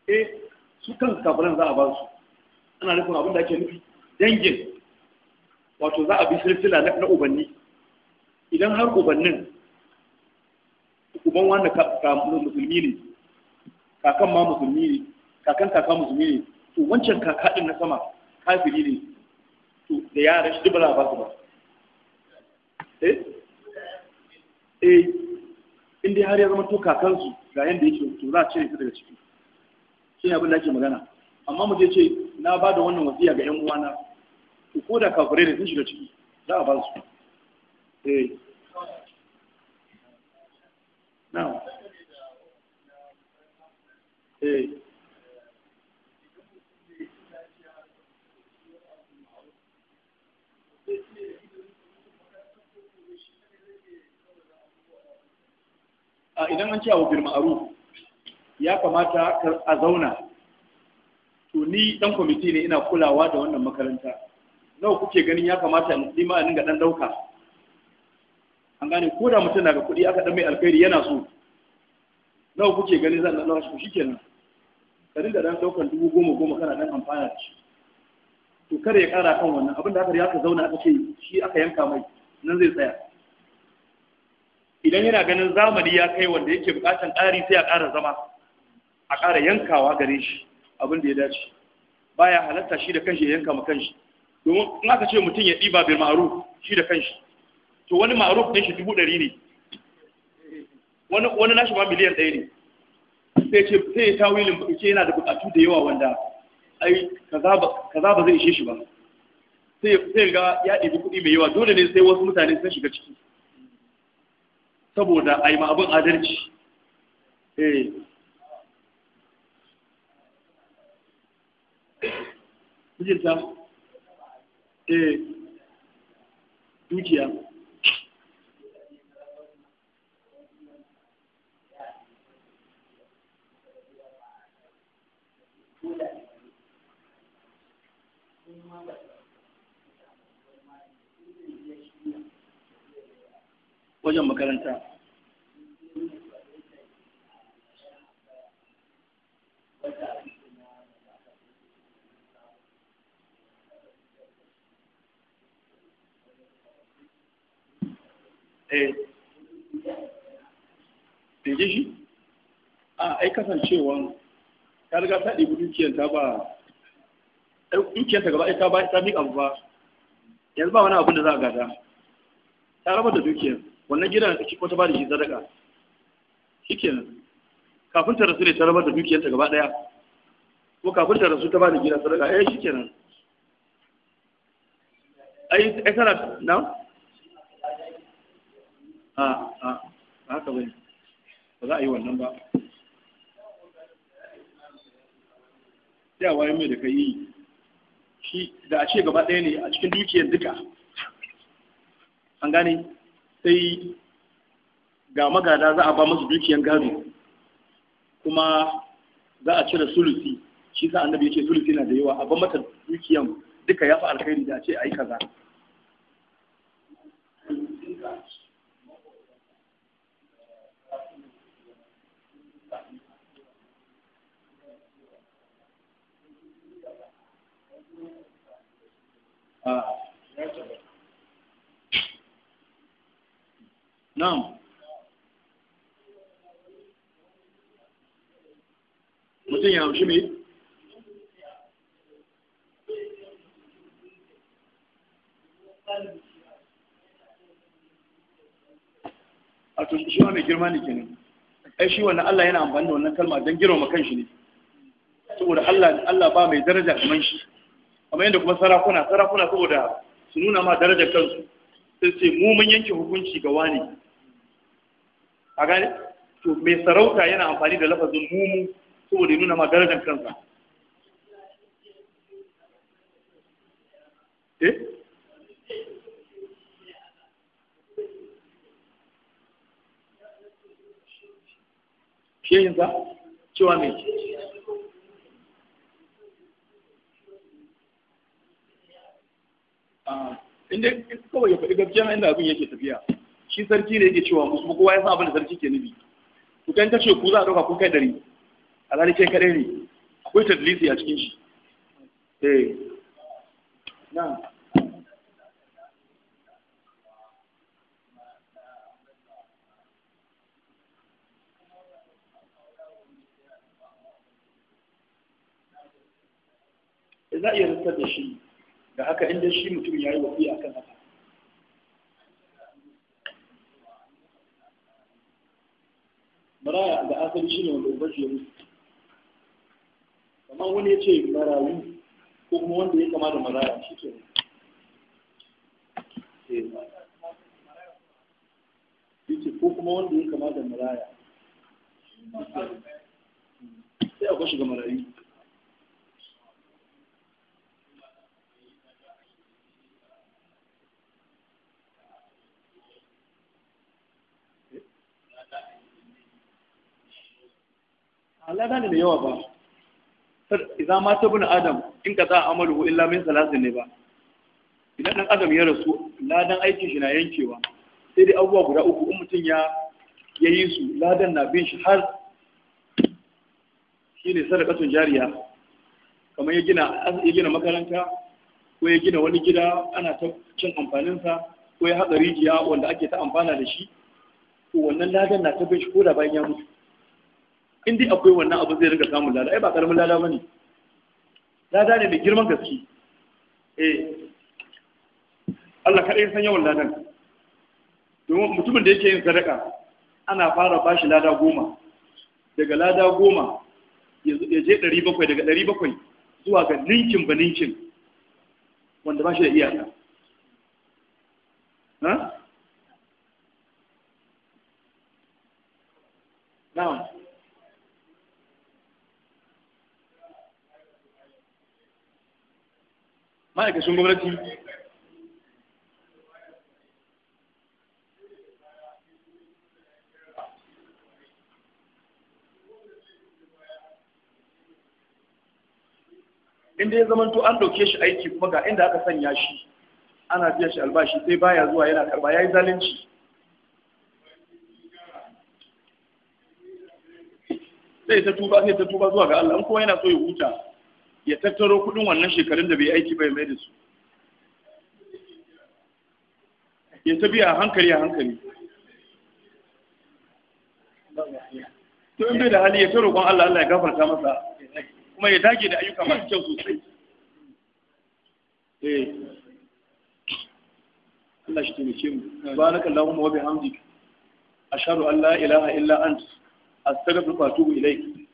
eh su kan kafiran za a ba su ana nufin abin da ake nufi dangin wato za a bi silsila na ubanni idan har ubannin uban wanda musulmi ne kakan ma musulmi ne kakan kaka musulmi ne to wancan kaka din na sama kafiri ne to da yaran shi dubara ba su ba eh eh in dai har ya zama to kakansu ga yanda yake to za a cire su daga ciki shi abin da ake magana amma mu je ce na ba da wannan wasiya ga yan uwana ku ko da kafirai da sun shiga ciki za a ba su eh eh a idan an ce abu bil ma'ruf ya kamata a zauna to ni dan kwamiti ne ina kulawa da wannan makaranta nawa kuke ganin ya kamata ni ma in ga dan dauka an gane ko da mutum na ga kuɗi aka dan mai alkhairi yana so nawa kuke ganin zan dan dauka shi kenan ka dinga dan daukan dubu goma goma kana dan amfana da shi to kada ya kara kan wannan abinda aka riga ka zauna aka ce shi aka yanka mai nan zai tsaya idan yana ganin zamani ya kai wanda yake bukatan ƙari sai ya ƙara zama a ƙara yankawa gare shi abin da ya dace baya halatta shi da kanshi ya yanka ma kanshi domin in aka ce mutum ya ɗiba bil ma'ruf shi da kanshi to wani ma'ruf ɗin shi dubu ɗari ne wani wani nashi ma miliyan ɗaya ne sai ce sai ya tawilin ce yana da buƙatu da yawa wanda ai kaza ba zai ishe shi ba sai sai ga ya ɗibi kuɗi mai yawa dole ne sai wasu mutane sun shiga ciki saboda ai ma abin adalci eh mijinta eh dukiya wajen makaranta eh da ji shi a ai kasancewa ta riga ta ɗibi dukiyar ta ba dukiyar ta gaba ta ba ta miƙa ba yanzu ba wani abin da za a gada ta raba da dukiyar wannan gidan da ko ta ba da shi sadaka shikenan kafin ta rasu ne ta raba da dukiyar ta gaba ɗaya ko kafin ta rasu ta ba da gidan sadaka eh shikenan ai ai tana na a a haka bane ba za a yi wannan ba sai a wayan mai da ka yi shi da a ce gaba ɗaya ne a cikin dukiyar duka an gane sai ga magada za a ba masu dukiyar gado kuma za a cire sulusi shi sa annabi ya ce sulusi na da yawa a ba mata dukiyar duka ya fi alkhairi da a ce a yi kaza نعم Mutum girma ne kenan. Ai shi wannan Allah yana amfani da wannan kalma don girma kan shi ne. Saboda Allah ba mai daraja kamar shi. amma yadda kuma sarakuna sarakuna saboda su nuna ma darajar kansu sai ce mu mun yanke hukunci ga wani a gane to mai sarauta yana amfani da lafazin mumu saboda ya nuna ma darajar kansa eh shehinsa cewa mai inda kawai ya faɗi gaskiya inda abin yake tafiya shi sarki ne yake cewa musu kowa ya san abin da sarki ke nufi to kan ce ku za a ɗauka kun kai dari alhali kai kaɗai ne akwai tadlisi a cikin shi eh na'am za a iya da shi da haka inda shi mutum ya yi wasiya akan haka maraya da asali shi ne wanda ubanci ya mutu kamar wani ya ce marayu ko kuma wanda ya kama da maraya shi ke eh, ce ko kuma wanda ya kama da maraya sai a kwashi ga marayu Allah ne da yawa ba idan ma ta adam in ka za a amalu illa min salasin ne ba idan ɗan adam ya rasu ladan aikin shi na yankewa sai dai abubuwa guda uku in mutum ya yi su ladan na bin shi har shine jariya kamar ya gina ya gina makaranta ko ya gina wani gida ana ta cin amfaninsa ko ya haɗa rijiya wanda ake ta amfana da shi wannan ladan na ta bin shi ko da bayan ya mutu in dai akwai wannan abu zai rika samun lada ai ba karamin lada bane lada ne mai girman gaske eh Allah kaɗai san yawan ladan domin mutumin da yake yin sadaka ana fara ba shi lada goma daga lada goma ya je ɗari bakwai daga ɗari bakwai zuwa ga ninkin ba ninkin wanda ba shi da iyaka na'am ma'aikacin gwamnati inda ya zamanto an ɗauke shi aiki kuma ga inda aka sanya shi ana biya shi albashi sai baya zuwa yana karba ya yi zalunci sai ta tuba sai ta tuba zuwa ga Allah kuma yana so ya huta ya tattaro kudin wannan shekarun da bai aiki bai mai da su ya tabi a hankali a hankali to in bai da hali ya ta roƙon Allah Allah ya gafarta masa kuma ya dage da ayyuka masu kyau sosai eh Allah shi taimake mu barakallahu wa bihamdika ashhadu an la ilaha illa anta astaghfiruka wa atubu ilayk